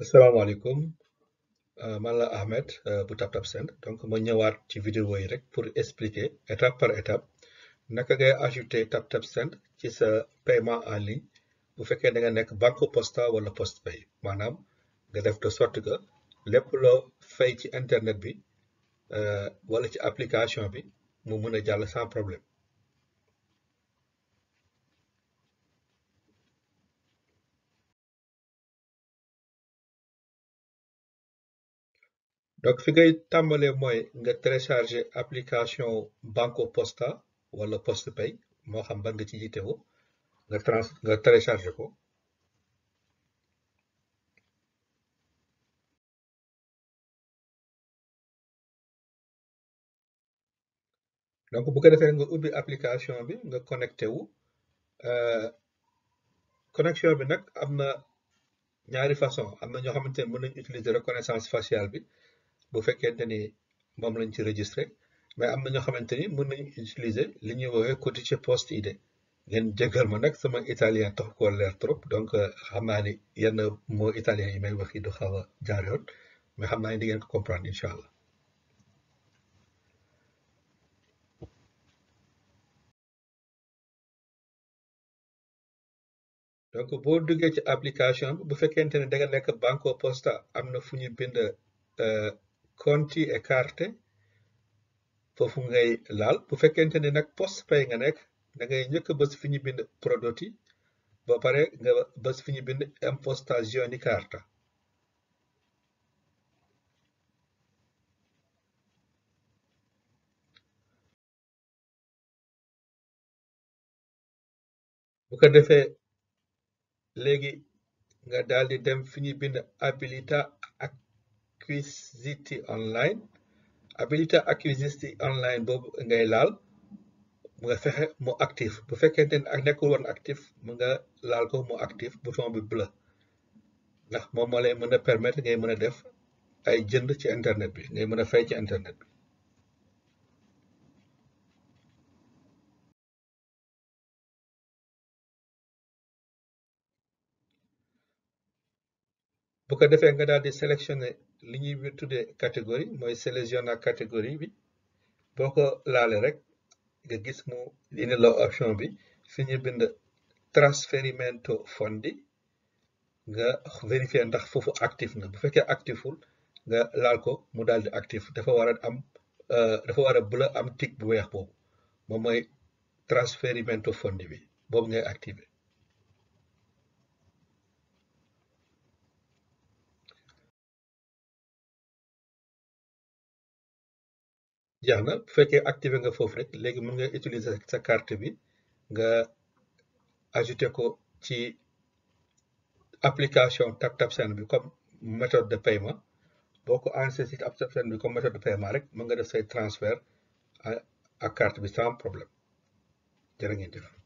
asalaamaaleykum uh, man la Ahmed uh, bu TapTap Send donc ma ñëwaat ci vidéo yi rek pour expliquer étape par étape naka ngay ajouter TapTap Send ci sa paiement en ligne bu fekkee da nga nekk Banco Posta wala post Postpay maanaam nga def de sorte que lépp loo fay ci internet bi uh, wala ci application bi mu mën a jàll sans problème. donc fi ngay tàmbalee mooy nga téléchargé application Banco Posta wala post Postepay moo xam ban nga ci yittewoo nga trans nga téléchargé ko donc bu ko defee nga ubbi application bi nga connecté wu euh, connexion bi nag am na ñaari façon am na ñoo xamante ne mën nañu utiliser reconnaissance faciale bi bu fekkente ni moom lañ ci registré mais am na ñoo xamante ni mën nañu utiliser li ñuy woowee codice post ID ngeen jégal ma nag sama italien tax koo leer trop donc euh, xam naa ni yenn moo italien yi may wax yi du a mais xam naa ni di ngeen ko comprendre incha allah. donc boo duggee ci application bi bu fekkente ni da nga nekk Posta am na fu ñu bind. Euh, konti e carte foofu ngay laal bu fekkente ne nag post pay nga nekk da ngay njëkk bës fi ñu bind prodotti ba pare nga bës fi ñu bind impostazioni carta bu ko defee léegi nga daal dem fi ñu bind abilita Acquisity Online habilité Acquisity Online boobu ngay laal nga fexe mu actif bu fekkente ne ak nekkul woon actif mu nga laal ko mu actif bouton bi bleu ndax moom moo lay mën a permettre ngay mën a def ay jënd ci internet bi ngay mën a fay ci internet bi. bu ko defee nga daal di sélectionné li ñuy tuddee catégorie mooy sélectionné catégorie bi boo ko laalee rek nga gis mu indi la option bi fi ñu bind transferimento fondi nga vérifier ndax foofu actif na bu fekkee actiful nga laal ko mu daal di actif dafa war a am euh, dafa war a am tik bu weex boobu moom mooy transferimento fondi bi boobu ngay activé jeex na bu fekkee activé nga foofu rek léegi mën nga utiliser sa carte bi nga ajouté ko ci application TapTap Send bi comme méthode de paiement boo ko enregistré ci TapTap Send bi comme méthode de paiement rek mën nga def say transfert ak carte bi sans problème jërë